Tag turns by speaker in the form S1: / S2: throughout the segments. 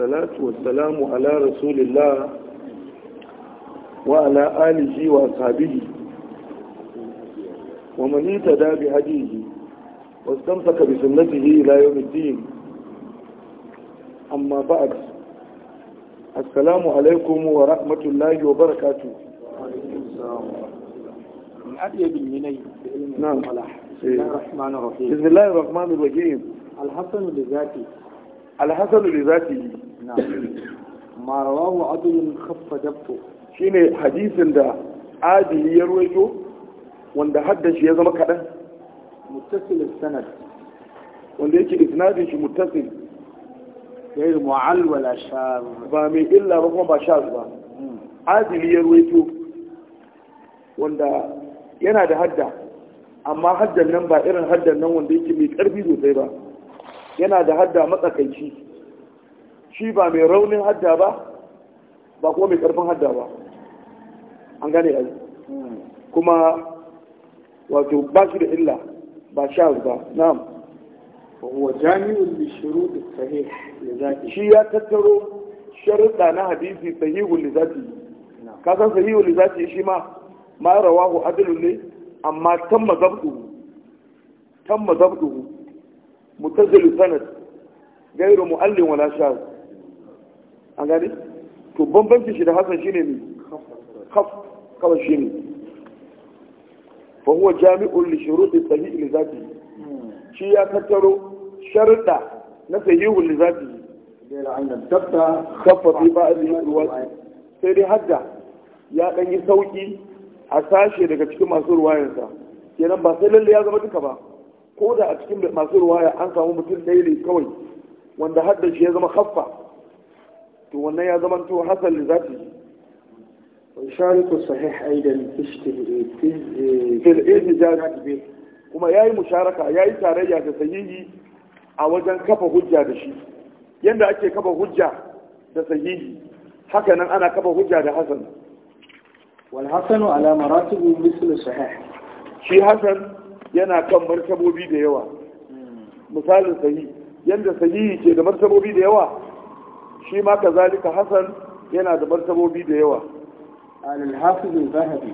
S1: الصلاة والسلام على رسول الله وعلى آله وأصحابه ومن اهتدى بهديه واستمسك بسنته إلى يوم الدين أما بعد السلام عليكم ورحمة الله وبركاته من أديب المني نعم بسم إيه. الله الرحمن الرحيم بسم الله الرحمن الرحيم الحسن لذاته الحسن لذاته ma rawahu adlun khaffa Shi ne hadisin da adili ya ruwaito wanda haddashi ya zama kadan muttasil sanad wanda yake isnadin shi muttasil غير معل ولا شاذ ba mai illa ba kuma ba shaz ba adili ya ruwaito wanda yana da hadda amma haddan nan ba irin haddan nan wanda yake mai ƙarfi sosai ba yana da hadda matsakaici shi ba mai raunin hadda ba ba kuma mai karfin hadda ba an gane yanzu kuma wato ba shi da illa ba sha ba na'am wa jami'un li da sahih shi ya tattaro sharuɗa na hadisi sahihul li zati ka san sahihul li zati shi ma ma rawahu adlun ne amma tamma zabduhu tamma zabduhu mutazil sanad ghayru mu'allin wala shaz an gane to bambanci shi da hasan shine ne kaf kawai shine fa huwa jami'un li shuruti sahih li zati shi ya tattaro sharuda na sahihul li zati
S2: tabta kafa fi ba'dhi ruwati
S1: sai dai hadda ya dan yi sauki a sashe daga cikin masu sa kenan ba sai lalle ya zama duka ba ko da a cikin masu ruwaya an samu mutum ɗaya ne kawai wanda haddace ya zama khaffa to wannan ya zama to hasan li zati shariku sahih aidan eh, fil ihtijaj bi kuma yayi musharaka yayi tarayya da sahihi a wajen kafa hujja da shi yanda ake kafa hujja da sahihi haka nan ana kafa hujja da hasan wal hasanu ala maratibu mislu sahih shi hasan yana kan martabobi da yawa hmm. misalin sahihi yanda sahihi ke da martabobi da yawa shi ma zalika hasan yana da martabobi da yawa al-hafiz az-zahabi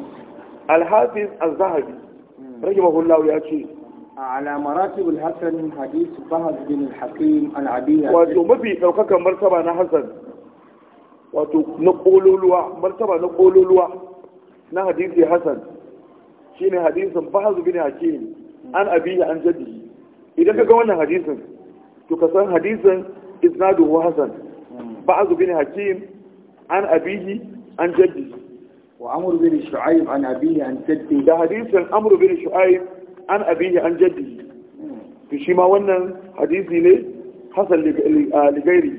S1: al-hafiz az-zahabi hmm. rahimahullah ya ce على مراتب الحسن حديث فهد بن الحكيم العبيد wato mafi daukakan martaba na hasan wato na kololuwa martaba na kololuwa na hadithi hasan shine hadisin fahad bin hakim hmm. an abiyi an jaddi idan ka ga wannan hadisin to ka san hadisin isnaduhu hasan بعض بن حكيم عن أبيه عن جده وعمر بن شعيب عن أبيه عن جده ده حديث الأمر بن شعيب عن أبيه عن جده في شما ونن حديثي ليه آه، حصل لغيره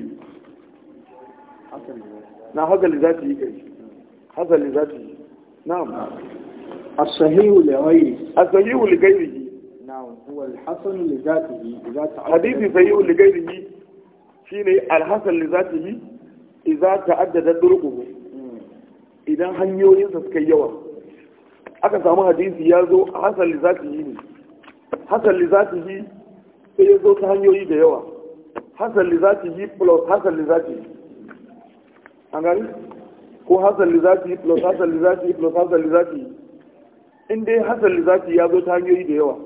S1: نعم حصل لذاته حصل لذاته نعم الصحيح لغيره الصحيح لغيره نعم هو الحسن لذاته حديث صحيح لغيره shine alhasan li zatihi idza ta'addada turquhu idan hanyoyinsa suka yawa aka samu hadisi ya zo hasan li zatihi ne hasan li sai ya zo ta hanyoyi da yawa hasan li bi plus hasan li zatihi an gani ko hasan li zatihi plus hasan li zatihi plus hasan li zatihi in dai hasan li ya zo ta hanyoyi da yawa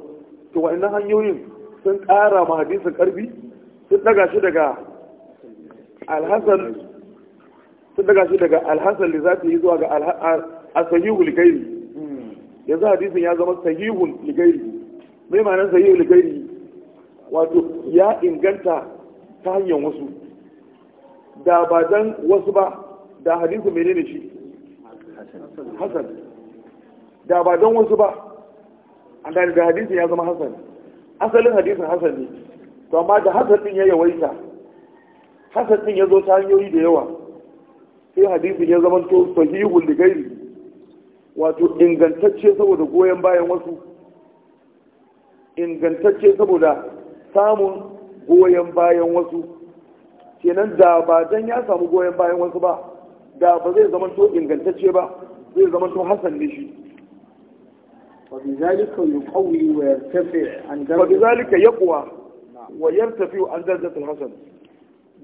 S1: to wa'annan hanyoyin sun ƙara ma hadisin ƙarfi sun daga shi daga alhassan sun daga shi daga alhassan da za ta yi zuwa ga asahihul ligairi yanzu hadisin ya zama sahihul gairi mai ma'anar sahihul gairi wato ya inganta ta hanyar wasu da ba don wasu ba da hadisin ne shi hasan da ba don wasu ba an da hadisin ya zama hasan asalin hadisin hasan ne to amma da hasan din ya yawaita hasan din ya zo ta hanyoyi da yawa sai hadisin ya zama to sahihul ligairi wato ingantacce saboda goyon bayan wasu ingantacce saboda samun goyon bayan wasu kenan da ba dan ya samu goyon bayan wasu ba da ba zai zama to ingantacce ba zai zama to hasan ne shi وبذلك يقوي ويرتفع عن درجة وبذلك يقوى ويرتفع عن درجة الحسن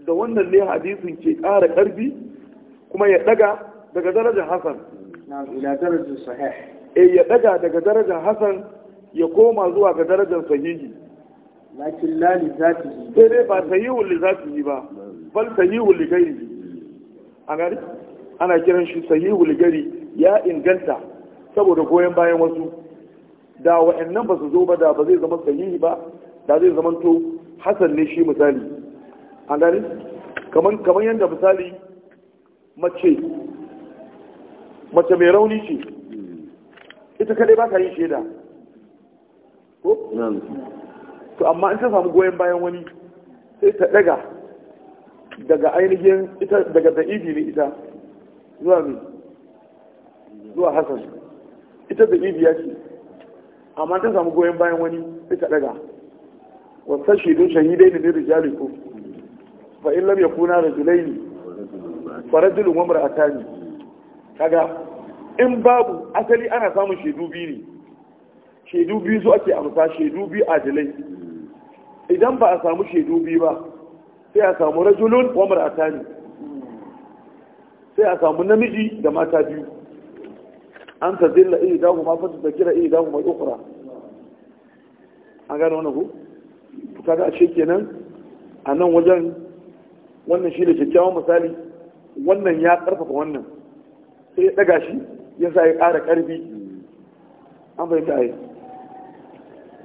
S1: da wannan ne hadisin ke ƙara ƙarfi kuma ya daga daga darajar hasan e eh, ya daga daga darajar hasan ya koma zuwa ga darajar sahihi lakin la li zatihi sai dai ba sahihu li zatihi ba bal sahihu li ghairihi a gari ana kiran shi sahihu li ya inganta saboda goyon bayan wasu da wa'annan ba su zo ba da ba zai zama sahihi ba da zai zama to hasan ne shi misali an gani kamar yadda misali mace mace mai rauni ce ita kadai ba ka yi shaida ko? to amma in ta samu goyon bayan wani sai ta daga daga ainihin ita daga da'ibi ne ita zuwa mai zuwa hassan ita da'ibi ya ce amma ta samu goyon bayan wani sai ta daga wasan shaidun shahidai ne ne ko. fa in lam yakuna rajulaini fa rajulun wa imra'atani kaga in babu asali ana samun shaidu biyu ne shaidu biyu su ake amsa shaidu biyu adilai idan ba a samu shaidu biyu ba sai a samu rajulun wa imra'atani sai a samu namiji da mata biyu an ta zilla iya dahu ma fata ta kira iya dahu mai ukura an gane wani ku kaga a kenan a nan wajen wannan shi da kyakkyawan misali wannan ya karfafa wannan sai ya daga shi ya sa ya ƙara ƙarfi an bai ta'ayi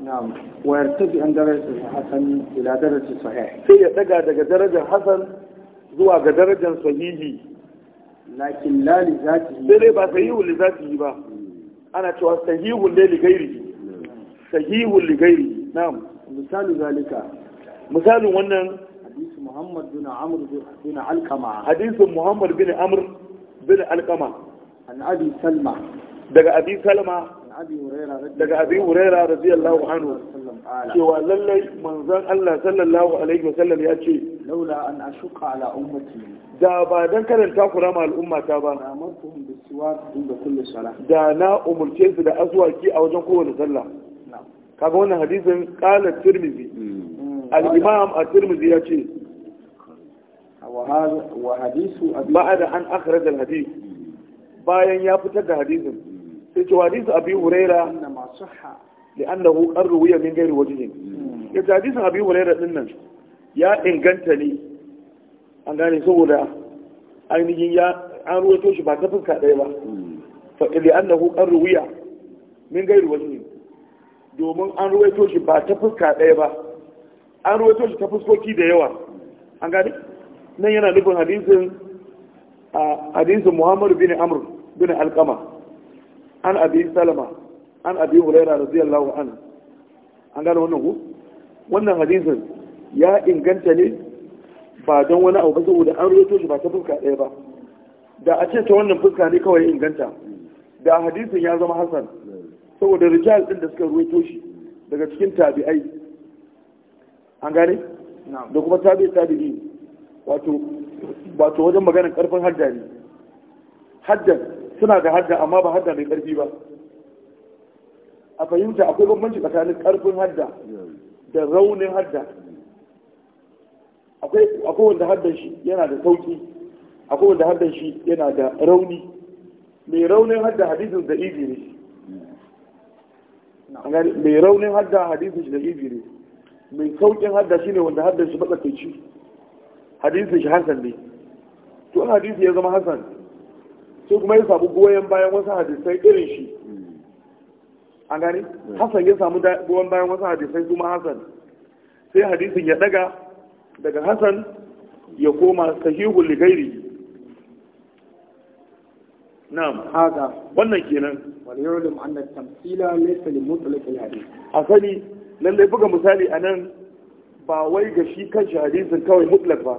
S1: na'am wayar tafi an darajar hasan ila darajar sahih sai ya daga daga darajar hasan zuwa ga darajar sahihi lakin la li zatihi sai dai ba sahihu li zatihi ba ana cewa sahihu ne li gairi hmm. sahihu li Ligairi. na'am Misalin zalika misalin wannan حديث محمد بن عمرو بن علقمة حديث محمد بن عمرو بن علقمة عن أبي سلمة أبي سلمة
S2: daga abi huraira
S1: radiyallahu anhu cewa lallai manzon Allah sallallahu alaihi wasallam ya ce laula an ala ummati da ba dan karanta kura al'ummata al'umma ta ba da na umurce su da aswaki a wajen kowane sallah kaga wannan hadisin qala tirmidhi al-imam at-tirmidhi ya ce wa hadisu ba'da an akhraj al-hadith bayan ya fitar da hadisin sai ce hadisu abi huraira li'annahu qad ruwiya min ghairi wajhin yace hadisin abi huraira din nan ya inganta ne an gane saboda ainihin ya an ruwaito shi ba ta fuska ɗaya ba fa li'annahu qad ruwiya min ghairi wajhin domin an ruwaito shi ba ta fuska ɗaya ba an ruwaito shi ta fuskoki da yawa an gani nan yana nufin hadisin hadisin muhammadu bin amr bin alkama an abi salama an abi hulaira radiyallahu an an gani wannan ku wannan hadisin ya inganta ne ba don wani abu ba saboda an ruwaito shi ba ta fuska ɗaya ba da a ce ta wannan fuska ne kawai inganta da hadisin ya zama hasan saboda rijal din da suka ruwaito shi daga cikin tabi'ai an gane da kuma tabi tabi wato wato wajen maganar karfin hadda ne hajjan suna da hadda amma ba hadda mai karfi ba a fahimta akwai bambanci tsakanin karfin hadda da raunin hadda akwai wanda haddan shi yana da sauki akwai wanda haddan shi yana da rauni mai raunin hadda hadisin da ibi ne mai raunin hadda hadisin da ibi ne mai saukin hadda shi ne wanda hadda shi matsakaici hadisin shi hasan ne to in hadisi ya zama hasan sai kuma ya samu goyon bayan wasu hadisai irin shi an gani hasan ya samu goyon bayan wasu hadisai kuma hasan sai hadisin ya daga daga hasan ya koma sahihul ligairi na'am haka wannan kenan wal yu'lam anna at-tamthila laysa li mutlaq al-hadith lallai buga misali a nan ba wai ga shi kan hadisin kawai mutlak ba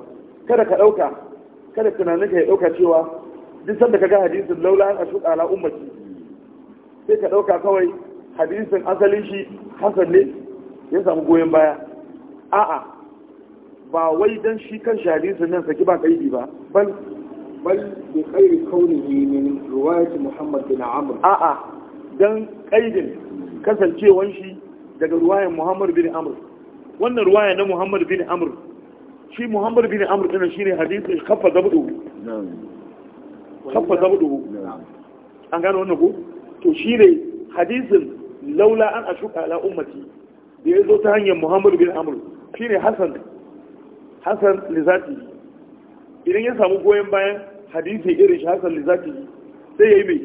S1: kada ka ɗauka kada tunanin ka ya ɗauka cewa duk sanda ka ga hadisin laula an ashu ala ummati sai ka ɗauka kawai hadisin asalin shi hasan ne ya samu goyon baya a'a ba wai dan shi kan hadisin nan saki ba kaidi ba bal bal bi khairi kaunihi min riwayat muhammad bin amr a'a dan kaidin kasancewan shi daga ruwayan Muhammad bin Amr wannan ruwaya na Muhammad bin Amr shi Muhammad bin Amr din shine hadisin kafa zabdu kafa zabdu an gano wannan ko to shine hadisin laula an ashuka ala ummati da ya zo ta hanyar Muhammad bin Amr shine Hassan Hassan Lizati idan ya samu goyon bayan hadisi irin shi Hassan Lizati sai ya yi mai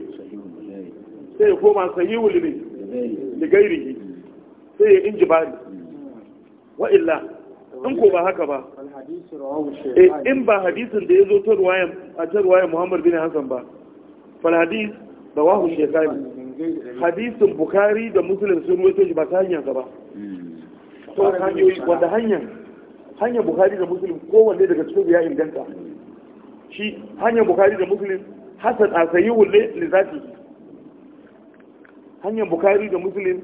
S1: sai ya koma sahihul ne da gairihi sai ya inji bari wa illa in ko ba haka ba eh, in ba hadisin da ya zo ta ruwayan a ta ruwayan Muhammad bin Hassan ba fal hadis da wahu shekari hadisin Bukhari da Musulun sun wuce shi ba ta hanyar ba
S2: hmm. to wanda
S1: hanyar hanyar Bukhari da Musulun, kowanne daga cikin ya inganta shi hanyar Bukhari da Musulun, Hassan sayi wulle zafi. hanyar Bukhari da Musulun.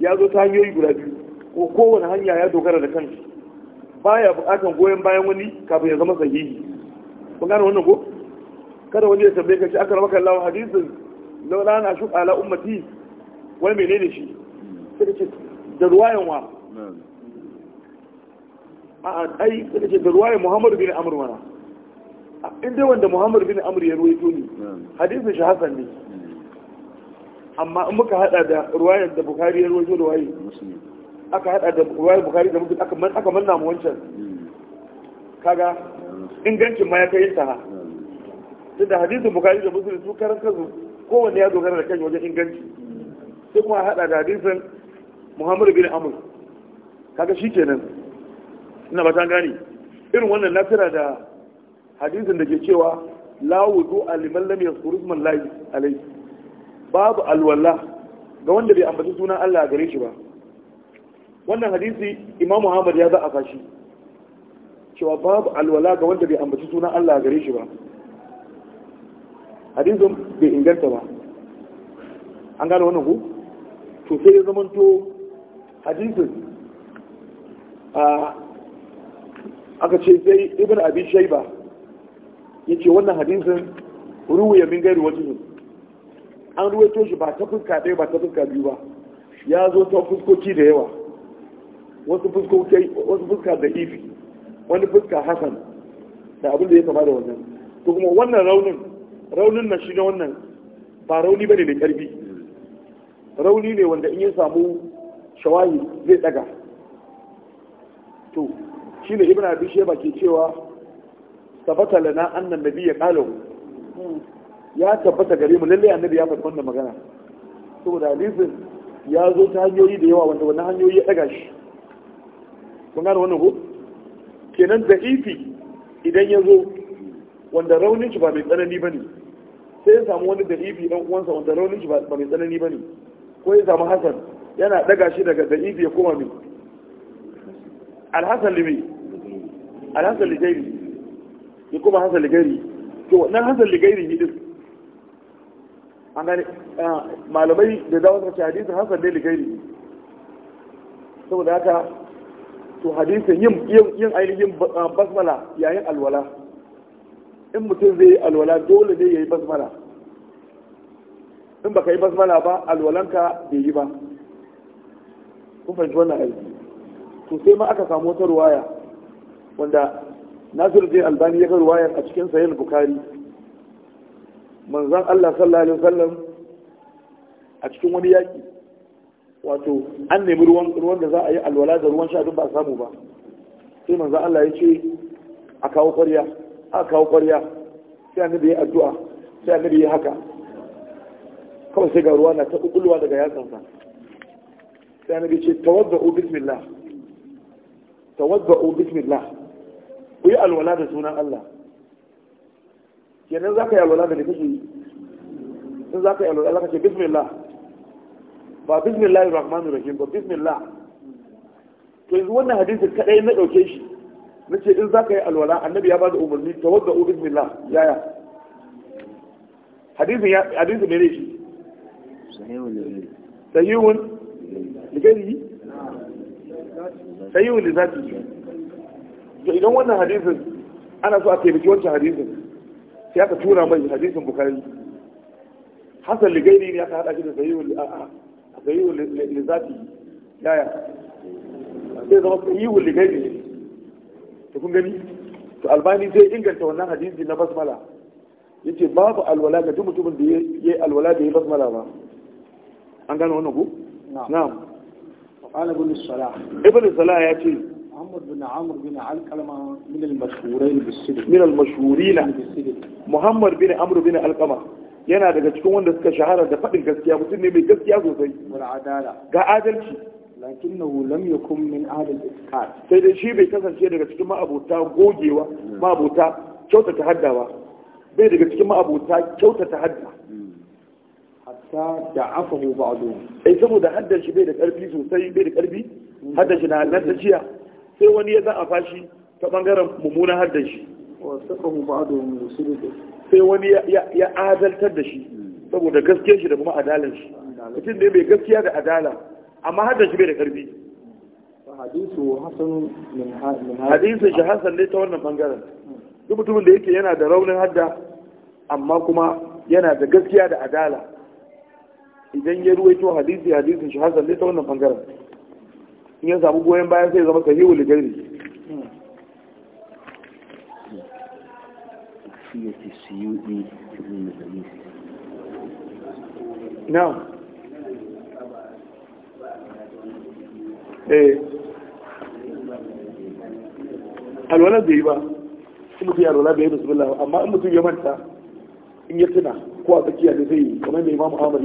S1: ya zo ta hanyoyi guda biyu ko kowane hanya ya dogara da Ba baya bukatan goyon bayan wani kafin ya zama sahihi kun gane wannan ko kada wani ya tambaye ka shi aka rabaka Allah hadisin laula ana shuka ala ummati wai menene shi sai ka ce da ruwayan wa a ai sai ka ce da ruwayan muhammadu bin Amr mana in dai wanda Muhammadu bin Amr ya ruwaito ne hadisin shi hasan ne amma in muka hada da ruwayar da bukari ya ruwaito da waye aka hada da ruwayar bukari da mutum aka manna mu wancan kaga hmm. ingancin ma ya kai ta ha hmm. sai da hadisin bukari da musulun su karan kansu kowanne ya dogara da kai wajen inganci hmm. sai kuma hada da hadisin muhammad bin amur kaga shi kenan ina ba ta gani irin wannan nasira da hadisin da ke cewa la wudu aliman lam yazkuru man lahi alayhi babu alwala ga wanda bai ambaci sunan Allah gare shi ba wannan hadisi Imam Muhammad ya za'a shi cewa babu alwala ga wanda bai ambaci sunan Allah gare shi ba hadisin bai inganta ba an gane wannan ku to sai ya to hadisin a aka ce sai ibn abi shayba yace wannan hadisin ruwaya min gairi wajhin an ruwaito shi ba ta fuska ɗaya ba ta fuska biyu ba ya zo ta fuskoki da yawa wasu fuskoki wasu fuska da ifi wani fuska hasan da abin da ya kama da wannan to kuma wannan raunin raunin na shi na wannan ba rauni ba ne da karfi rauni ne wanda in ya samu shawahi zai daga to shi ne ibina abi ba ke cewa sabata lana annan ya qalahu hmm. ya tabbata gare mu lallai annabi ya faɗi wannan magana saboda hadisin ya zo ta hanyoyi da yawa wanda wannan hanyoyi ya ɗaga shi kun gane wannan ko kenan da ifi idan ya zo wanda raunin shi ba mai tsanani ba ne sai ya samu wani da ifi ɗan uwansa wanda raunin shi ba mai tsanani ba ne ko ya samu hasan yana ɗaga shi daga da ifi ya koma mai alhassan limi alhassan ligairi ya koma hassan ligairi to wannan hassan ligairi ne din an gani malamai da dawo da ce hadisin hasan dai ligairi saboda haka to hadisin yin yin ainihin basmala yayin alwala in mutum zai yi alwala dole ne ya yi basmala in baka yi basmala ba alwalanka bai yi ba kun fahimci wannan aiki to sai ma aka samu wata ruwaya wanda nasiru zai albani ya ga ruwayar a cikin sahih bukhari manzan Allah sallallahu alaihi wasallam a cikin wani yaki wato an nemi ruwan ruwan da za a yi alwala da ruwan sha duk ba samu ba sai manzan Allah ya ce a kawo ƙwarya a kawo ƙwarya sai annabi ya addu'a sai annabi ya haka kawai sai ga ruwa na ta kukulwa daga yatsansa sai annabi ce tawadda'u bismillah tawadda'u bismillah ku yi alwala da sunan Allah kenan za ka yi alwala da kake yi in za ka yi alwala ka ce bismillah ba bismillah rahmanu rahim ba bismillah to yanzu wannan hadisin kadai na dauke shi na ce in za ka yi alwala annabi ya bada umarni ta wadda u bismillah yaya hadisin ya, hadisin ne shi sahihun ligari sahihun lizati to idan wannan hadisin ana so a taimaki wancan hadisin سياقة تونا مجد حديث بكاري حصل لغيري يا أخي هذا كده زيه اللي لذاتي يا يا زيه زيه اللي غيري تكون جميل فالباني زي إنجل تونا حديث دي نفس ملا يتي باب الولاة كتوم تكون من دي الولاة دي نفس ملا ما أنجان هنا بو نعم وقال ابن الصلاح ابن الصلاح يا تي عمر بن عمر بن علي كلمة من المشهورين بالسجن من المشهورين بالسجن muhammad bin amr bin alqama yana daga cikin wanda suka shahara da faɗin gaskiya mutum ne mai gaskiya sosai ga adalci lakinnahu lam yakun min ahli al-iskar sai dai shi bai kasance daga cikin ma'abota gogewa ma'abota kyautata hadda ba bai daga cikin ma'abota kyautata hadda hatta da da'afahu ba'du eh saboda haddar shi bai da karfi sosai bai da karfi haddar shi na nan jiya sai wani ya za a fashi ta bangaren mummunan haddar shi wasaqahu ba'dhum yusidu sai wani ya adaltar da shi saboda gaskiyar shi da kuma adalar shi mutum ne mai gaskiya da adala amma hadda shi bai da karfi hadisu hasan min hadisin shi hasan ne ta wannan bangaren duk mutumin da yake yana da raunin hadda amma kuma yana da gaskiya da adala idan ya ruwaito hadisi hadisin shi hasan ne ta wannan bangaren in ya samu goyon bayan sai zama sahihul Lijari.
S2: السيوء في ابن الغميس
S1: نعم ايه alwala bai yi ba في mutum دي بسم bai yi انه amma in mutum ya manta in ya tuna ko a tsakiya da zai kamar da imamu ahmad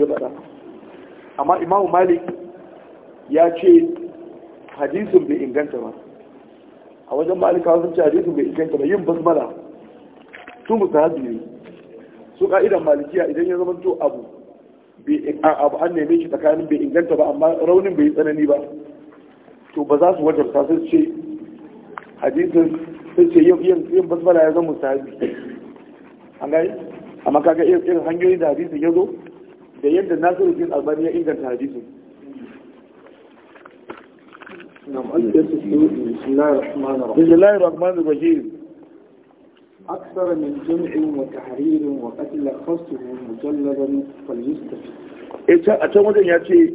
S1: ya faɗa inganta a wajen malika sun ce hadisin bai inganta ba yin basmala su mustahabi ne su ka'idan malikiya idan ya zama to abu abu an neme shi tsakanin bai inganta ba amma raunin bai tsanani ba to ba za su wajarta sun ce hadisun sun ce yin basmala ya zama mustahabi an gani amma kaga irin hanyoyin da hadisun ya zo da yadda nasiru bin albani ya inganta hadisin بسم الله الرحمن الرحيم أكثر من جمع وتحرير وقتل خصه مجلدا فليستفيد إيه أتى وجه يأتي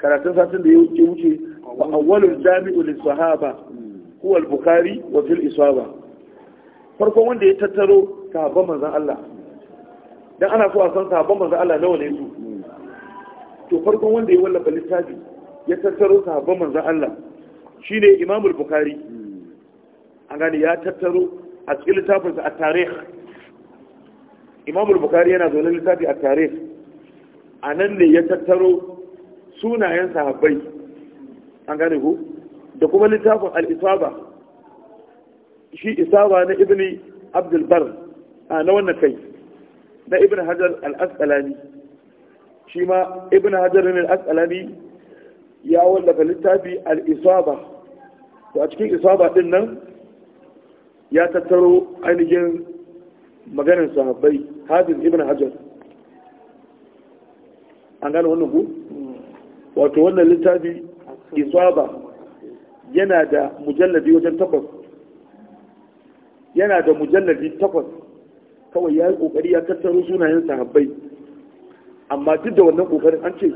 S1: كراتين ساتين دي يوجي وأول الجامع للصحابة هو البخاري وفي الإصابة farkon wanda ya tattaro sahabban manzan Allah dan ana so a san sahabban manzan Allah nawa ne su to farkon wanda ya wallafa littafi ya tattaro sahabban manzan Allah shine Imam Bukhari an ya tattaro a cikin littafinsa a tarih imamul bukari yana zaune littafi a tarih a nan ne ya tattaro sunayen sahabbai an gane ku da kuma littafin al-isaba shi isaba na ibni abdulbar a na wannan kai na ibn hajar al-asqalani shi ma ibn hajar al-asqalani ya wallafa littafi al-isaba to a cikin isaba din nan ya tattaro ainihin maganin sahabbai hafiz ibn hajar an gani wannan ku wato wannan littafi Iswaba, yana da mujalladi wajen takwas yana da mujalladi takwas kawai ya yi kokari ya tattaro sunayen sahabbai amma duk da wannan kokarin an ce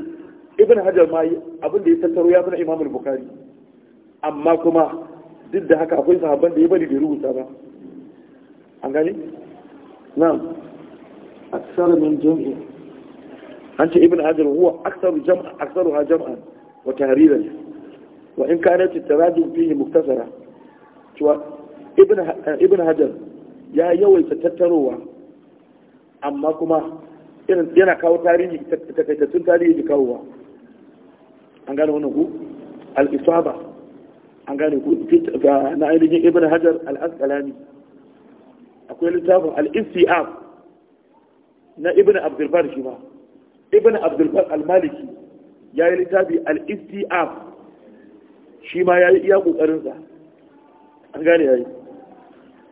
S1: ibn hajar ma abinda ya tattaro ya fi na imamul bukari amma kuma duk da haka akwai sahabban da ya bari da rubuta ba an gani Na. aksar min jam'i an ce ibn hajar huwa aksaru jam'a aksaru ha jam'a wa tahriran wa in kana tatarajum fihi muktasara cewa ibn eh, ibn hajar ya yawaita tattarowa amma kuma yana kawo tarihi takaitattun tarihi da kawowa an gane wannan ku al-isaba an gane ku ga na ainihin ibn hajar al-asqalani akwai littafin al-istiyab na ibn abdulbar shi ma ibn abdulbar al-maliki ya yi littafi al-istiyab shi ma ya yi iya kokarinsa an gane ya yi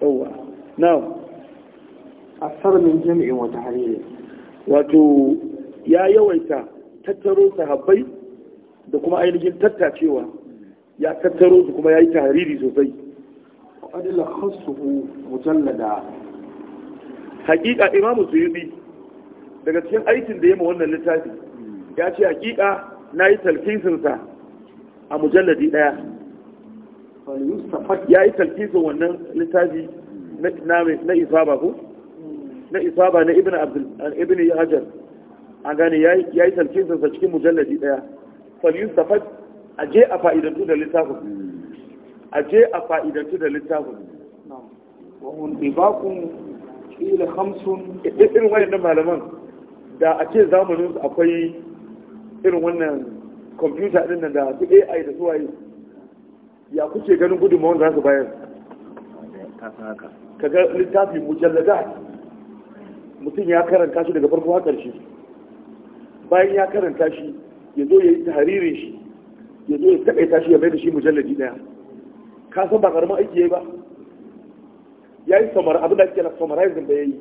S1: yawwa now asar min jami'in wata hanyar wato ya yawaita tattaro sahabbai da kuma ainihin tattacewa ya tattaro su kuma ya yi tahariri sosai adila khassuhu mujallada hakika imamu suyubi daga cikin aikin da ya ma wannan littafi ya ce hakika na yi sa a mujalladi daya ya yi talkisin wannan littafi na isaba ko na isaba na ibn ibn hajar an gane ya yi sa cikin mujalladi daya falyustafad Aje a fa'idantu da littafin aje a fa'idantu da littafin wahun ibakun ila hamsin irin wayannan malaman da a ce zamanin akwai irin wannan kwamfuta din nan da su ai da suwaye ya kuce ganin gudun mawan za su bayar kaga littafin mujallada mutum ya karanta shi daga farko har ƙarshe bayan ya karanta shi ya zo ya yi taharirin shi ya zo ya takaita shi ya mai da shi mujalladi ɗaya. ka san ba ƙaramin aiki yi ba yi samar abin da ake na summarizing da yi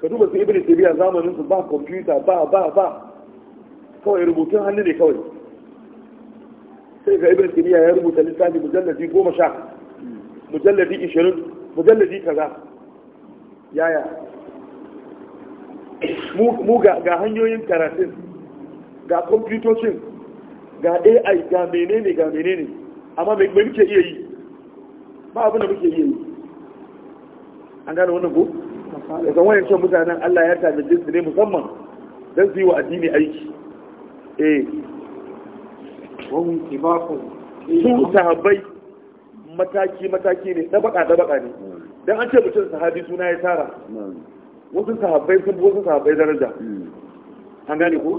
S1: ka duba su ibn tabiya zamanin su ba kwamfuta ba ba ba kawai rubutun hannu ne kawai sai ga ibn tabiya ya rubuta lissafi mujalladi goma sha mujalladi ishirin mujalladi kaza yaya mu ga hanyoyin karatun ga kwamfutocin ga ai ga menene ga menene amma mai muke iya yi ba abin da muke iya yi an gane wannan ko daga wayan cewa mutanen Allah ya tanaje su ne musamman don su yi wa addini aiki eh wani kibakun su sahabbai mataki mataki ne da baka ne dan an ce mutum sahabi suna ya tara wasu sahabbai sun wasu sahabbai daraja hmm. an gane ko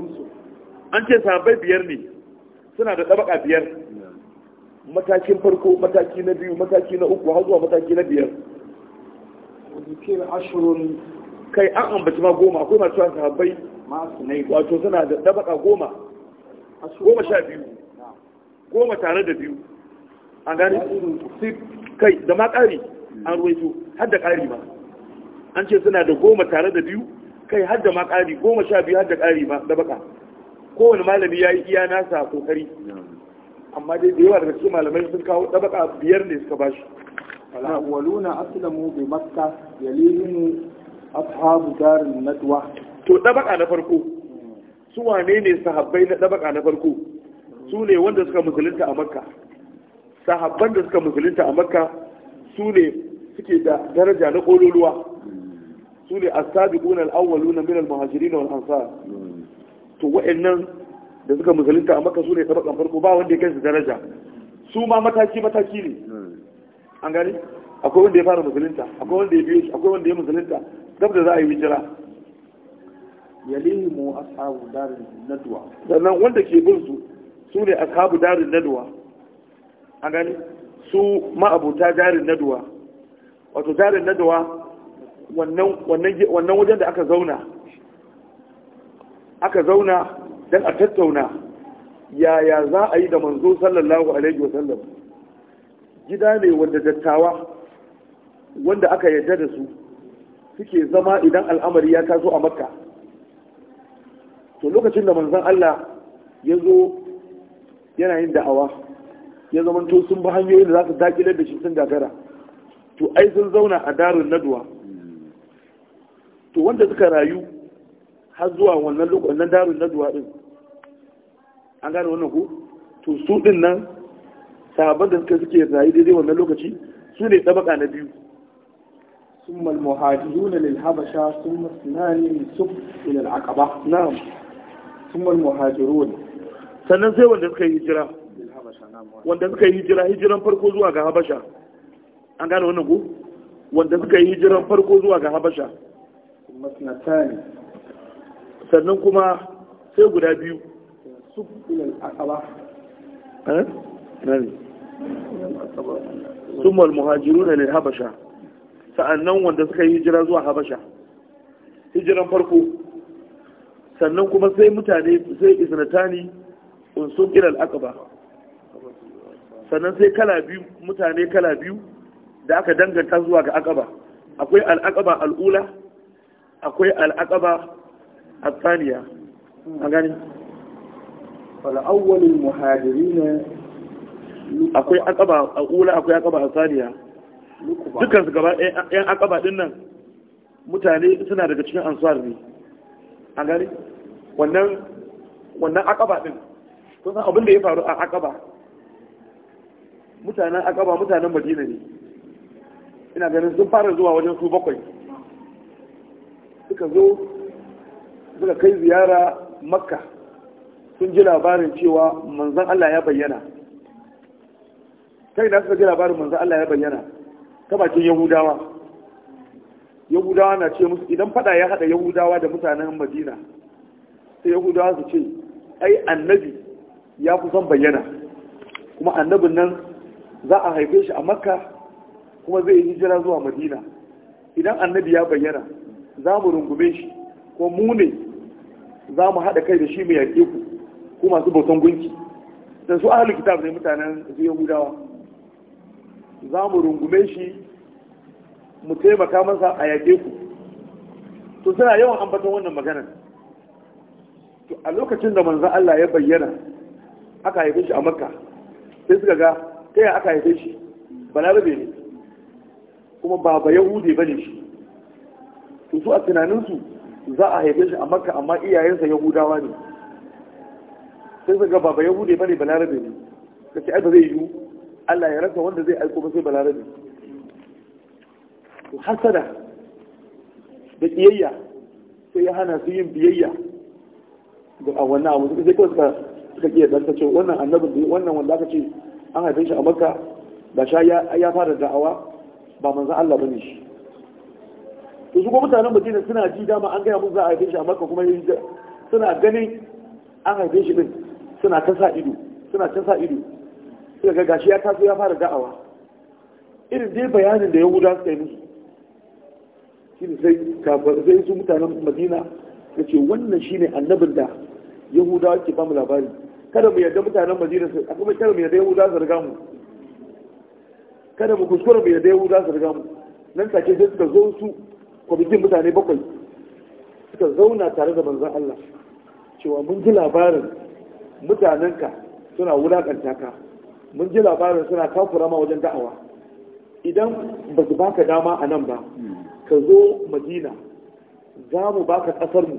S1: an ce sahabbai biyar ne suna da tsabaka biyar matakin farko mataki na biyu mataki na uku har zuwa mataki na biyar kai an ambaci ma goma akwai masu wasu habai wato suna da tsabaka goma goma sha biyu goma tare da biyu an gani kai da ma ƙari hmm. an ruwaito har da ƙari ma an ce suna da goma tare da biyu kai har da ma ƙari goma sha biyu har da ƙari ma tsabaka kowane malami ya yi iya nasa a kokari amma dai da yawa daga cikin malamai sun kawo tabaka biyar ne suka bashi waluna aslamu bi makka yalihim ashabu darin nadwa to tabaka na farko su wane ne sahabbai na tabaka na farko su ne wanda suka musulunta a makka sahabban da suka musulunta a makka su ne suke da daraja na kololuwa su ne as-sabiquna al-awwaluna min al-muhajirin wal ansar to wa'annan da suka musulunta a maka su ne tabakan farko ba wanda ya kai su daraja su ma mataki mataki ne an gani akwai wanda ya fara musulunta akwai wanda ya biyo akwai wanda ya musulunta dab da za a yi hijira mu ashabu darin nadwa sannan wanda ke bin su su ne ashabu darin nadwa an gani su abota darin nadwa wato darin nadwa wannan wajen da aka zauna aka zauna dan a tattauna yaya za a yi da manzo sallallahu alaihi wasallam gida ne wanda dattawa wanda aka yarda da su suke zama idan al'amari ya taso a makka to lokacin da manzon Allah ya zo yana yin da'awa ya zama to sun bi hanyoyin da za su dakilar da shi sun gagara to ai sun zauna a darin naduwa to wanda suka rayu har zuwa wannan wannan darun naduwa din an gane wannan ku to su din nan sahabban da suka suke rayu dai wannan lokaci su ne tabaka na biyu ثم المهاجرون للحبشة ثم اثنان من سب إلى العقبة نعم ثم المهاجرون sannan sai wanda suka yi hijira wanda suka yi hijira hijiran farko zuwa ga habasha an gane wannan ku wanda suka yi hijiran farko zuwa ga habasha sannan kuma sai guda biyu summal muhajiru eh? ne habasha sa'annan wanda suka yi hijira zuwa habasha hijiran farko sannan kuma sai mutane sai isnatani unsur ilal akaba, sannan sai kala biyu mutane kala biyu da aka danganta zuwa ga aqaba akwai al aqaba al ula akwai al aqaba الثانية أغاني فالأول المهاجرين akwai akaba a kula akwai akaba a saniya dukkan su gaba ɗayan akaba ɗin nan mutane suna daga cikin ansuwar ne a gani wannan wannan akaba din kun san abin da ya faru a akaba mutanen akaba mutanen madina ne ina ganin sun fara zuwa wajen su bakwai suka zo suka kai ziyara makka sun ji labarin cewa manzan Allah ya bayyana kai da suka ji labarin manzan Allah ya bayyana ta bakin yahudawa yahudawa na ce musu idan fada ya hada yahudawa da mutanen madina sai yahudawa su ce ai annabi ya fi son bayyana kuma annabin nan za a haife shi a makka kuma zai yi hijira zuwa madina idan annabi ya bayyana za mu rungume shi ko mu ne za mu haɗa kai da shi mu yaƙe ku ko masu bautan gunki da su ahalin kitab ne mutanen su yahudawa za mu rungume shi mu taimaka masa a yaƙe ku to suna yawan ambaton wannan maganar to a lokacin da manzan Allah ya bayyana aka haife shi a makka sai suka ga kai yaya aka haife shi balarabe ne kuma ba ba yahudi ba ne shi to su a tunaninsu za a haife shi a makka amma iyayensa yahudawa ne sai su ga baba yahude bane balarabe ne ka ce ai ba zai yiwu Allah ya rasa wanda zai aiko ba sai balarabe to hasada da ƙiyayya sai ya hana su yin biyayya da a wannan abu sai kawai suka suka kiyar dan ce wannan annabin wannan wanda aka ce an haife shi a makka ba sha ya fara da'awa ba manzon Allah bane shi to su mutanen madina suna ji dama an gaya mun za a haife shi a makka kuma suna ganin an haife shi din suna ta sa ido suna ta sa ido suka ga gashi ya taso ya fara da'awa irin dai bayanin da yahuda suka yi musu shi ne sai kafar sai su mutanen madina da ce wannan shine annabin da yahudawa ke bamu labari kada mu yarda mutanen madina su a kuma kada mu yarda yahudawa su riga mu kada mu kuskura mu yarda yahudawa su riga mu nan take sai suka zo su kwamitin mutane bakwai suka zauna tare da manzan Allah cewa mun ji labarin mutanenka suna wulakanta ka mun ji labarin suna kafura ma wajen da'awa idan ba su baka dama a nan ba ka zo madina za mu baka mu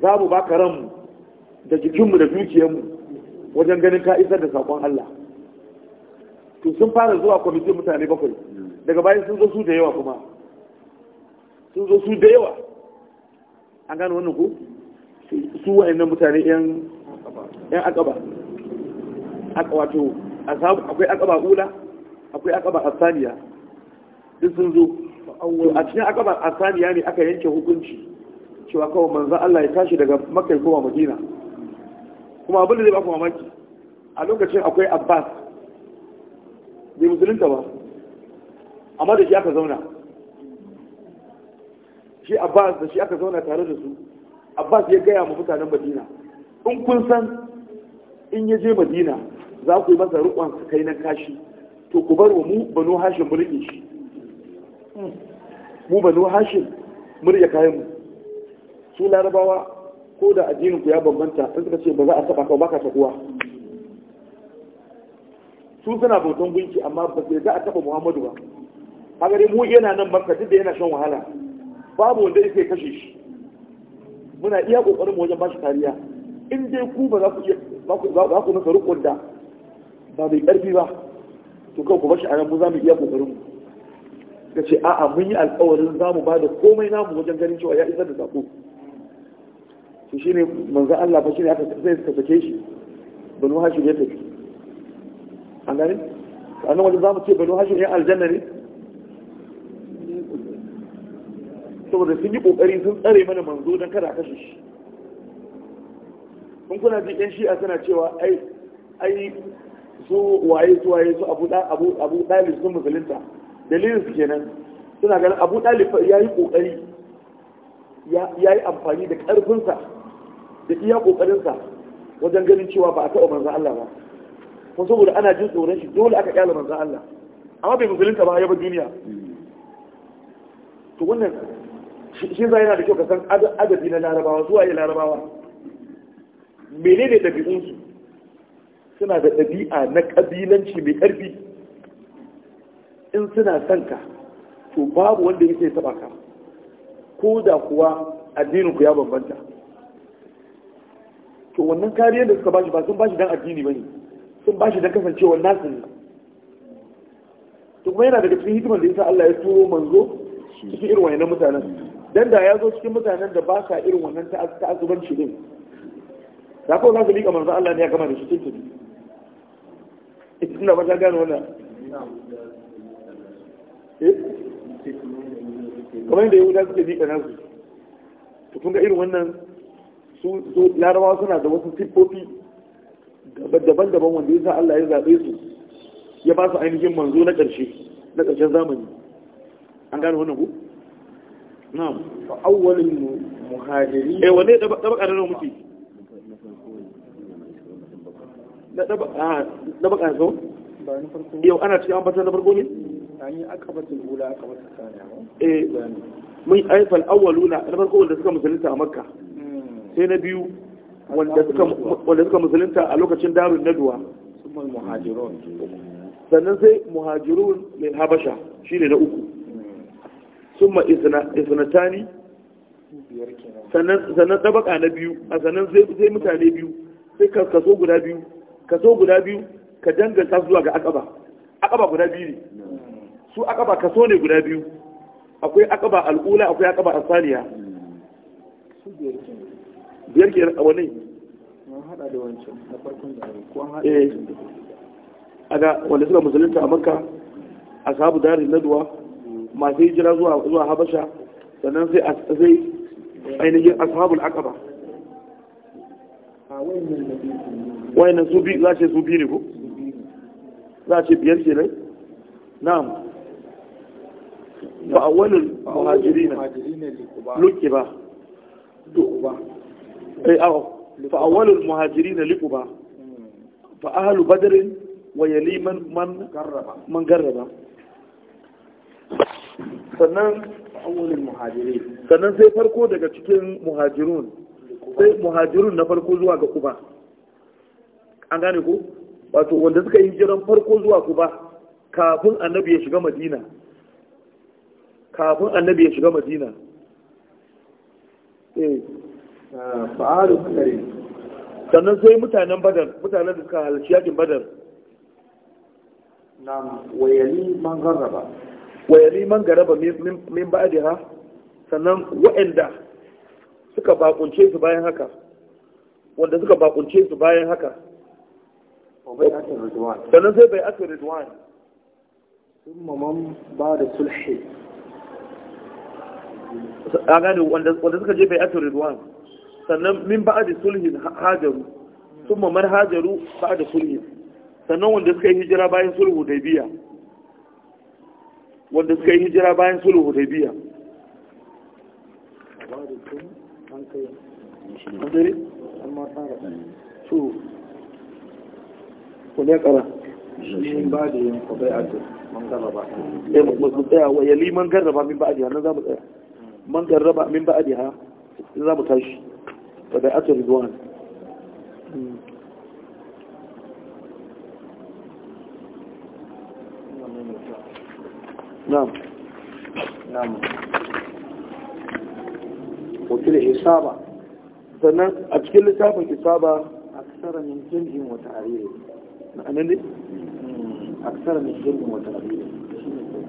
S1: za mu baka ranmu da jikinmu da dukiyarmu wajen ganin ka isar da sakon Allah to sun fara zuwa kwamitin mutane bakwai daga bayan sun zo su da yawa kuma sun zo su da yawa an gane wannan ko su nan mutane yan akaba wato akwai akaba ula akwai akaba asaniya duk sun zo a cikin akaba asaniya ne aka yanke hukunci cewa kawai manzan Allah ya tashi daga makar kowa madina kuma abin da zai baku mamaki a lokacin akwai abbas bai musulunta ba amma da shi aka zauna shi abbas da shi aka zauna tare da su abbas ya gaya mu mutanen madina in kun san in ya je madina za ku yi masa rukon su kai na kashi to ku bar wa mu banu hashin mulki shi mu banu hashin murya rike kayan mu su larabawa ko da addinin ku ya bambanta sai suka ce ba za a saba ka ba ka takuwa su suna bautan gunki amma ba sai za a taba muhammadu ba Hagari mu yana nan makka duk da yana shan wahala babu wanda yake kashe shi muna iya kokarin wajen bashi kariya in dai ku ba za ku iya za ku masa rukun da ba mai karfi ba to kawai ku bashi a nan mu za mu iya kokarin mu ka ce a'a mun yi alkawarin za mu ba da komai namu wajen ganin cewa ya isar da sako to shi ne manzan Allah fa shi ne aka zai suka sake shi banu hashim ya tafi an gani a nan wajen za mu ce banu hashim ya aljanna ne saboda sun yi kokari sun tsare mana manzo don kada a kashe shi kun kuna ji yan shi'a suna cewa ai ai su waye su waye su abu abu abu dalil sun musulunta dalilin su kenan suna ganin abu dalil ya yi kokari ya yi amfani da karfinsa da iya kokarinsa wajen ganin cewa ba a taɓa manzo Allah ba kuma saboda ana jin tsoron shi dole aka kyala manzo Allah amma bai musulunta ba ya ba duniya to wannan shi za yana da kyau ka san adabi na larabawa zuwa yi larabawa menene ɗabi'unsu suna da ɗabi'a na ƙabilanci mai ƙarfi in suna son ka to babu wanda yake taɓa ka ko da kuwa addinin ku ya bambanta to wannan kariyar da suka bashi ba sun bashi don addini bane sun bashi don kasancewar nasu ne to kuma yana daga cikin hikimar da ya sa Allah ya turo manzo cikin irin wayannan mutanen dan da ya zo cikin mutanen da ba sa irin wannan ta'azzubanci din da ko za su liƙa manzo Allah ne ya gama da shi tuntuni ina ba ta gano wannan eh? kamar da yahuda suke liƙa nasu to kun ga irin wannan su larabawa suna da wasu siffofi daban-daban wanda yasa Allah ya zaɓe su ya ba su ainihin manzo na ƙarshe na ƙarshen zamani an gano wannan ku na'am fa awwalul muhajiri eh, da baka muke da da ah, yau ana cikin an yi akabatul ula akabatul thaniya eh mun aifal farko wanda suka musulunta a makka hmm. sai na biyu wanda suka musulunta a lokacin darun naduwa sannan sai muhajirun mai habasha shine na uku summa isnatani sannan tabaka na biyu a sannan zai mutane biyu sai kaso guda biyu kaso guda biyu ka danganta zuwa ga akaba akaba guda biyu ne su akaba kaso ne guda biyu akwai akaba al'ula akwai akaba asaliya biyar ke a wani a ga wanda suka musulunta a makka a sabu darin naduwa masu hijira zuwa zuwa habasha sannan sai sai ainihin ashabul aqaba wayannan su biyu za ce su biyu ne ko za ce biyar ce nan na'am ba awalul muhajirina luke ba ai awo fa awalul muhajirina ba hmm. fa ahlu badr wa yaliman man garraba man garraba sannan sannan sai farko daga cikin muhajirun sai muhajirun na farko zuwa ga kuba an gane ko wato wanda suka yi jiran farko zuwa kuba kafin annabi ya shiga madina kafin annabi ya shiga madina eh. sannan sai mutanen badar mutanen da suka halarci yakin badar na wayali man garraba wa ya man garaba min ha? sannan wa'anda suka bakunce su bayan haka wanda suka bakunce su bayan haka sannan sai bai aka ridwan thumma ba da sulhi a gani wanda suka je bai aka ridwan sannan min da sulhin hajaru Sun man hajaru da sulhin sannan wanda suka yi hijira bayan sulhu da biya wanda suka yi hijira bayan sulhu hudaybiya ba da yin kwabai a man garraba tsaya man garraba min ba adiha nan za mu tsaya man garraba min ba adiha za mu tashi kwabai a ridwan na'am sannan a cikin littafin isaba aksara min jam'in wa ta'riri ma'anan ne aksara min jam'in wa ta'riri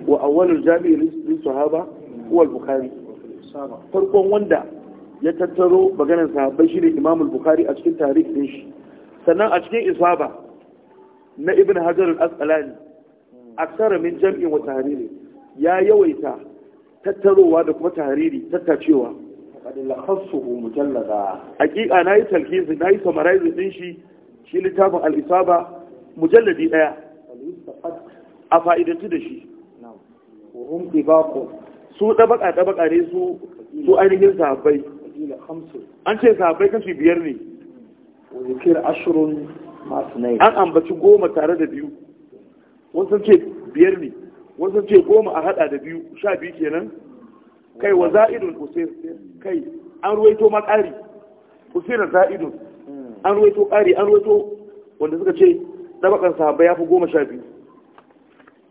S1: wa awwalul jami'i lis sahaba huwa al-bukhari farkon wanda ya tattaro maganar sahabbai shine Imamul al-Bukhari a cikin tarikh din shi sannan a cikin na Ibn aksara wa ya yawaita tattarowa da kuma tahariri tattacewa lakassuhu mujallada hakika nayi na nayi summarize din shi shi littafin al-isaba mujalladi daya a fa'idatu da shi su ɗabaƙa ɗabaƙa ne su su ainihin sahabbai an ce sahabbai kashi biyar ne ashrun an ambaci goma tare da biyu wasu ce biyar ne Wasan ce goma a hada da biyu sha biyu kenan
S2: kai wa za'idun
S1: usir kai an ruwaito ma ƙari da za'idun an ruwaito ƙari an ruwaito wanda suka ce ɗabakan sahabbai ya fi goma sha biyu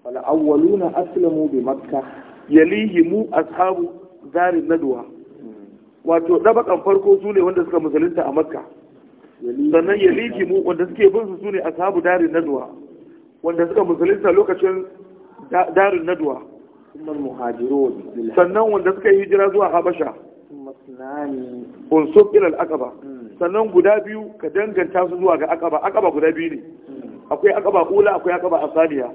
S1: wala awwaluna aslamu bi makka yalihimu ashabu zarin nadwa wato dabakan farko su ne wanda suka musulunta a makka sannan yalihimu wanda suke bin su su ne ashabu darin nadwa wanda suka musulunta lokacin darin naduwa sannan wanda suka yi hijira zuwa habasha unsur ila al hmm. sannan guda biyu ka danganta su zuwa ga akaba akaba guda biyu ne hmm. akwai akaba ula akwai akaba asaniya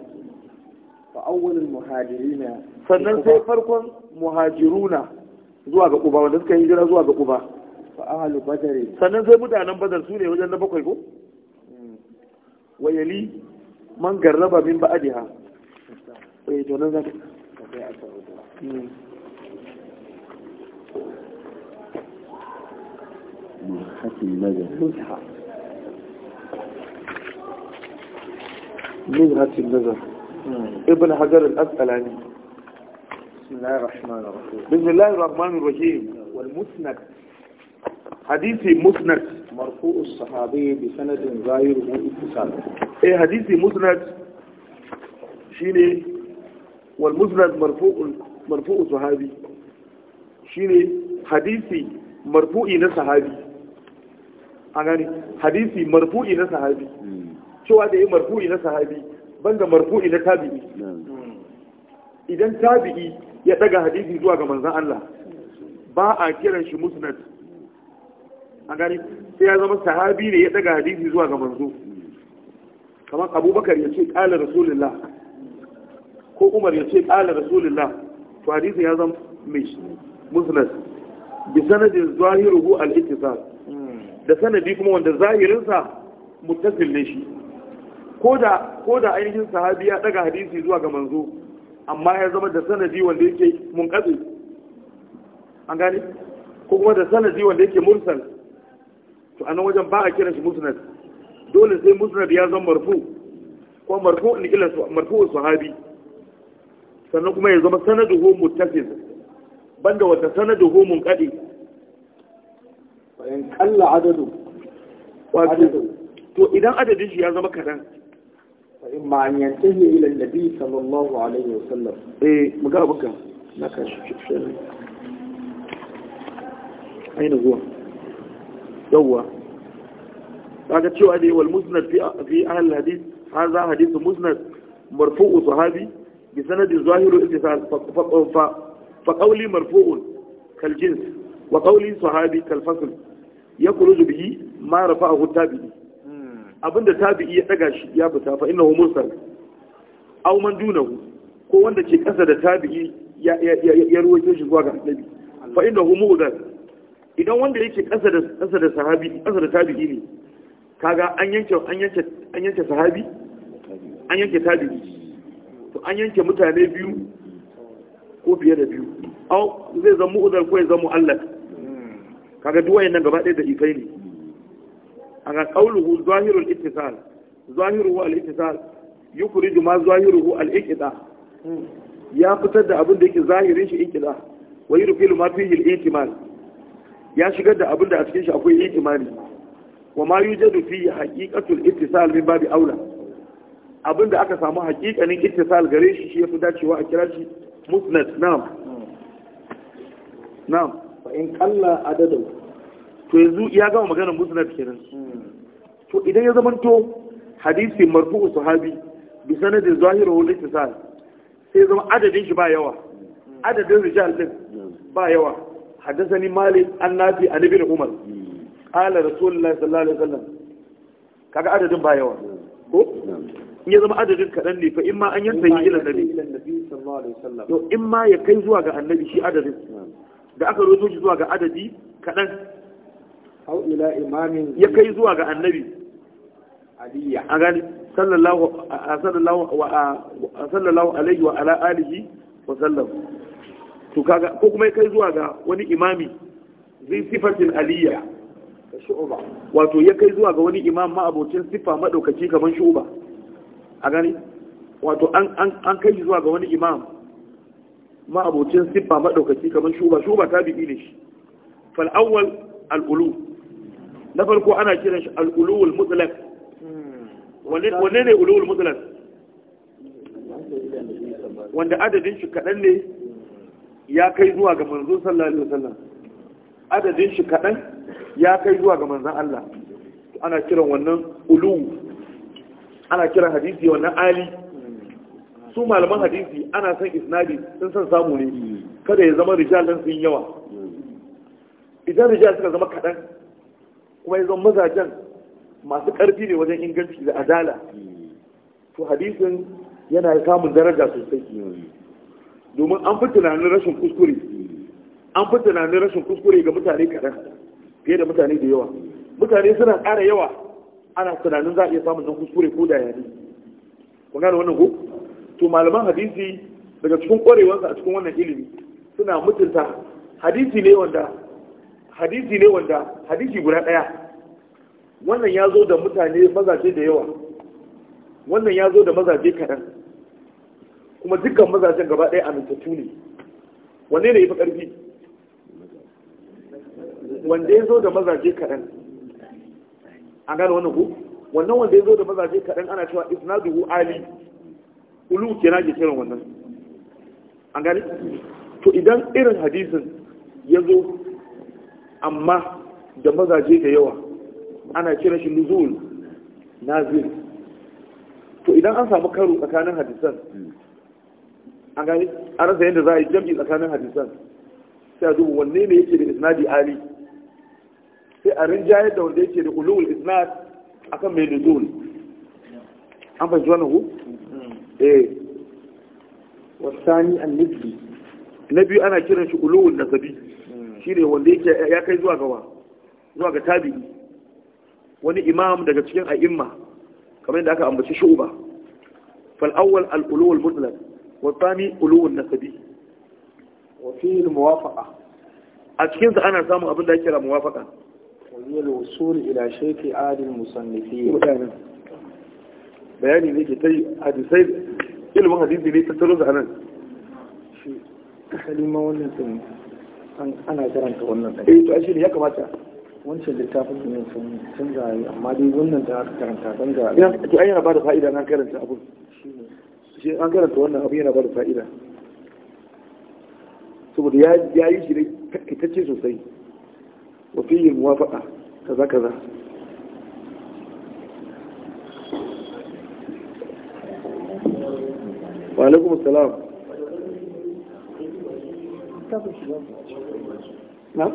S1: Saniya. sannan sai farkon muhajiruna zuwa ga uba wanda suka yi hijira zuwa ga uba sannan sai mutanen badar su ne wajen na bakwai ko hmm. wayali man garraba min ba'adiha ويجوز ذلك ملحة المدى النظر ابن حجر عني بسم الله الرحمن الرحيم بسم الله الرحمن الرحيم والمسند حديثي مسند مرفوع الصحابي بسند غيره اتصال ايه حديثي مسند شيني wal musnad marfu'un sahabi shine hadisi marfu'i na sahabi hadisi marfu'i na sahabi cewa da yi marfu'i na sahabi banda marfu'i na tabi'i idan tabi'i ya daga hadisi zuwa ga manzan Allah ba a kiran shi musnad ya zama sahabi ne ya daga hadisi zuwa ga manzo kamar abubakar ya ce ƙala rasulullah ko umar ya ce ƙala rasulullah to hadisi ya zama mai musnad bi sanadin zahiruhu al-ittisal da sanadi kuma wanda zahirinsa muttasil ne shi ko da ainihin sahabi ya daga hadisi zuwa ga manzo amma ya zama da sanadi wanda yake munqati an gane ko kuma da sanadi wanda yake mursal to anan wajen ba a kiran shi musnad dole sai musnad ya zama marfu ko marfu ni kila marfu sahabi sannan kuma ya zama sanaduhu muttasil banda wata sanaduhu kadi bayan kalla adadu wato to idan adadin shi ya zama kadan in ma an yantahi ila annabi sallallahu alaihi wasallam eh muga abuka na kan shi shi aina huwa yawwa daga cewa dai wal musnad fi fi hadith hadha hadith musnad marfu'u sahabi bi sanadin zahiru ittisal fa qawli marfu'un kal jins wa qawli sahabi kal fasl yakhruju bihi ma rafa'ahu tabi'i abinda tabi'i ya daga shi ya fita fa innahu mursal aw man dunahu ko wanda ke kasa da tabi'i ya ya ruwaito shi zuwa ga annabi fa innahu mu'dal idan wanda yake kasa da kasa da sahabi kasa da tabi'i ne kaga an yanke an yanke an yanke sahabi an yanke tabi'i to an yanke mutane biyu ko fiye da biyu au zai zama uzar ko ya zama allah kaga duwayen nan gaba ɗaya da ifai ne a ga ƙauluhu zahirul ittisal zahiruhu al-ittisal yukhriju ma zahiruhu al-iqda ya fitar da abin da yake zahirin shi iqda wa yurfilu ma fihi al-ihtimal ya shigar da abin da a cikin shi akwai ihtimali wa ma yujadu fihi haqiqatul ittisal min babi aula abinda aka samu hakikanin ittisal gare shi shi yafi dacewa a kira shi musnad na'am na'am fa in qalla adadu to yanzu ya gama maganar musnad kenan hmm. to idan ya zamanto hadisi marfu'u sahabi bi sanadin zahiru wal ittisal sai zama adadin shi ba yawa hmm. adadin rijal din ba yawa haddathani malik annabi anabi umar hmm. qala rasulullahi sallallahu alaihi wasallam kaga adadin ba yawa ko ya zama adadin kaɗan ne fa in ma an yanta yi ilan nabi to in ma ya kai zuwa ga annabi shi adadin da aka rozo shi zuwa ga adadi kaɗan ya kai zuwa ga annabi a gani sallallahu alaihi wa ala alihi wa sallam to kaga ko kuma ya kai zuwa ga wani imami zai sifatin aliyya wato ya kai zuwa ga wani imam ma abocin siffa madaukaki kamar shuba a gani wato an kai zuwa ga wani imam ma'abocin siffa maɗaukaki kamar shuba shuba ta bibi ne shi fal'awwal al'ulu na farko ana kiran shi al'uluwul mutlak hmm. wanne ne uluwul mutlak wanda adadin shi kaɗan ne ya kai zuwa ga manzo sallallahu alaihi wasallam adadin shi kaɗan ya kai zuwa ga manzon Allah ana kiran wannan uluwu ana kiran hadisi wannan ali su malaman hadisi ana son isnadi sun san samu ne kada ya zama rijal din sun yawa idan rijal suka zama kaɗan kuma ya zama mazajen masu ƙarfi ne wajen inganci da adala to hadisin yana samun daraja sosai domin an fi tunanin rashin kuskure an fi tunanin rashin kuskure ga mutane kaɗan fiye da mutane da yawa mutane suna ƙara yawa ana tunanin za a iya samun kuskure ko da yare kun gane wannan ko to malaman hadisi daga cikin kwarewarsa a cikin wannan ilimi suna mutunta hadisi ne wanda hadisi ne wanda hadisi guda daya wannan ya zo da mutane mazaje da yawa wannan ya zo da mazaje kaɗan kuma dukkan mazajen gaba ɗaya amintattu ne wanne ne ya fi ƙarfi wanda ya zo da mazaje kaɗan an gane wannan ku wannan wanda ya zo da mazaje kaɗan ana cewa isnaduhu ali ulu ke ke kiran wannan an gane to idan irin hadisin ya zo amma da mazaje da yawa ana kiran shi nuzul nazil to idan an samu karo tsakanin hadisan an gane an rasa yadda za a yi jam'i tsakanin hadisan sai a dubu wanne ne yake da isnadi ali sai a rinjayar da wanda yake da ulul isnad akan mai nuzul an fahimci wannan ku eh wasani annabi na biyu ana kiran shi ulul nasabi shine wanda yake ya kai zuwa gawa zuwa ga tabi, wani imam daga cikin a'imma kamar yadda aka ambaci shu'ba fal awwal al ulul mutlaq wa thani ulul nasabi wa fi al muwafaqa a cikinsa ana samun abin da ya kira muwafaka وهي الوصول إلى شيخ المصنفين ne ke ta hadisai ilimin hadisi ne tattaro da nan wannan sun ana karanta wannan to ashe ne ya kamata wancan littafin ne sun canza amma dai wannan da aka karanta don ga ya to ai yana bada fa'ida nan karanta abu shi an karanta wannan abu yana bada fa'ida saboda ya yi shi ne sosai وفيه موافقة كذا كذا وعليكم السلام نعم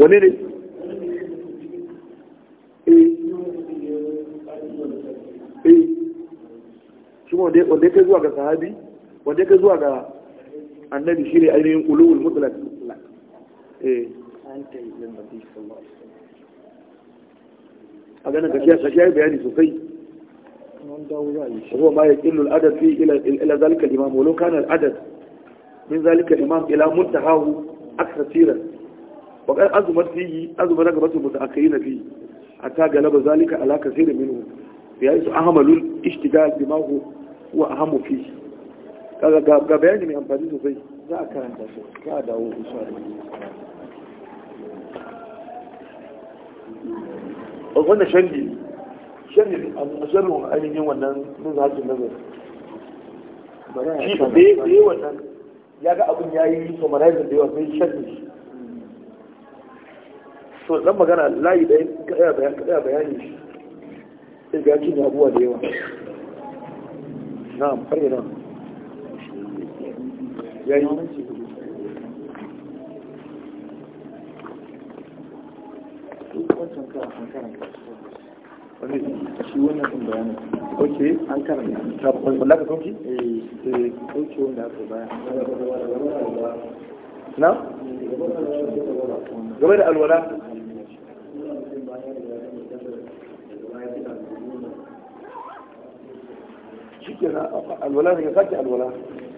S1: ونين ايه ايه shi wanda ya kai zuwa ga sahabi wanda ya kai zuwa ga شري annabi shine ainihin ulul mutlaq eh a أنا ka shi bayani sosai هو ما يقل العدد فيه إلى, إلى ذلك الإمام ولو كان العدد من ذلك الإمام إلى منتهاه أكثر سيرا وقال أزمة فيه أزمة رقبة المتأخرين فيه حتى قلب ذلك على كثير منهم بحيث أهم الاشتغال بما هو أهم فيه ga bayani mai amfani sosai za a karanta su za a dawo insha Allah wannan shangi shangi a sharrin ainihin wannan nun zakin nazar shi da yi wannan ya ga abin ya yi summarizing da yawa sai shangi so dan magana layi ɗaya kaɗaya bayani shi sai ga cin abubuwa da yawa na farko na gari ok an karanta ka eh, eh na? game da alwala shi ke alwala alwala